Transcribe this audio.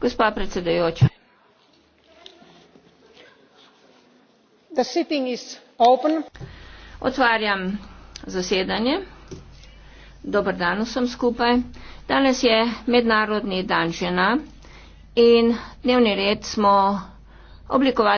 gospa predsedujoča otvarjam zasedanje dober dan vsem skupaj danes je mednarodni dan žena in dnevni red smo oblikovali na način da bomo